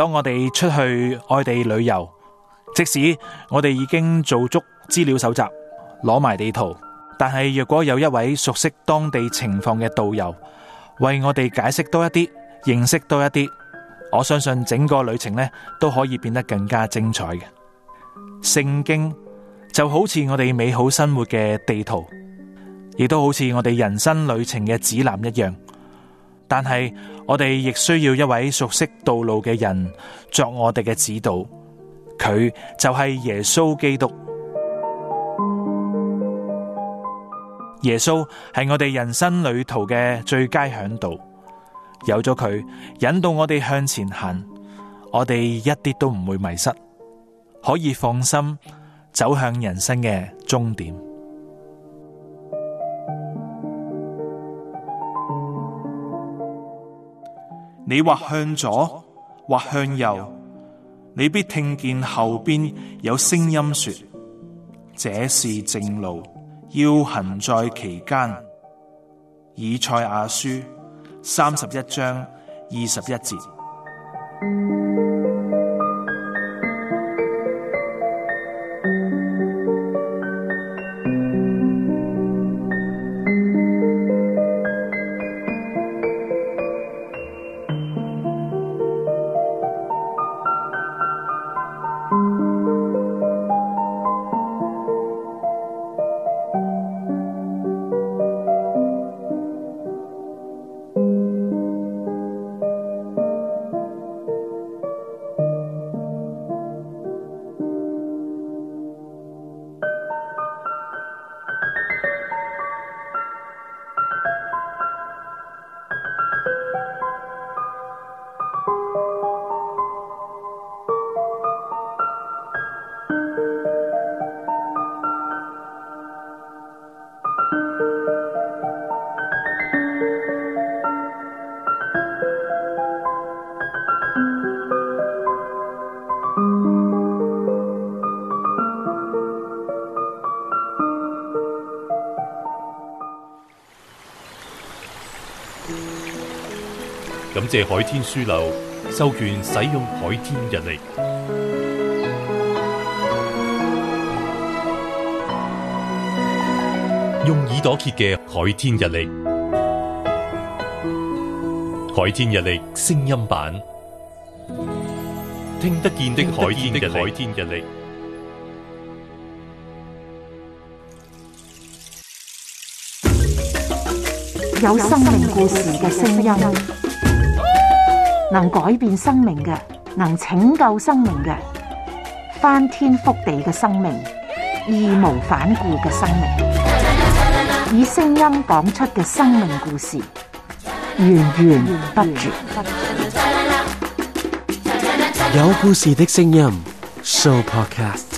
當我哋出去外地旅遊，即使我哋已經做足資料搜集，攞埋地圖，但係若果有一位熟悉當地情況嘅導遊為我哋解釋多一啲、認識多一啲，我相信整個旅程呢都可以變得更加精彩嘅。聖經就好似我哋美好生活嘅地圖，亦都好似我哋人生旅程嘅指南一樣。但係我哋亦需要一位熟悉道路嘅人作我哋嘅指導，佢就係耶穌基督。耶穌係我哋人生旅途嘅最佳嚮導，有咗佢引導我哋向前行，我哋一啲都唔會迷失，可以放心走向人生嘅終點。你或向左，或向右，你必聽見後邊有聲音說：這是正路，要行在其間。以賽亞書三十一章二十一節。感謝海天書樓授權使用海天日曆，用耳朵揭嘅海天日曆，海天日曆聲音版，聽得見的海天日曆。有生命故事嘅聲音，能改變生命嘅，能拯救生命嘅，翻天覆地嘅生命，義無反顧嘅生命，以聲音講出嘅生命故事，源源不絕。有故事的聲音，Sooopodcast。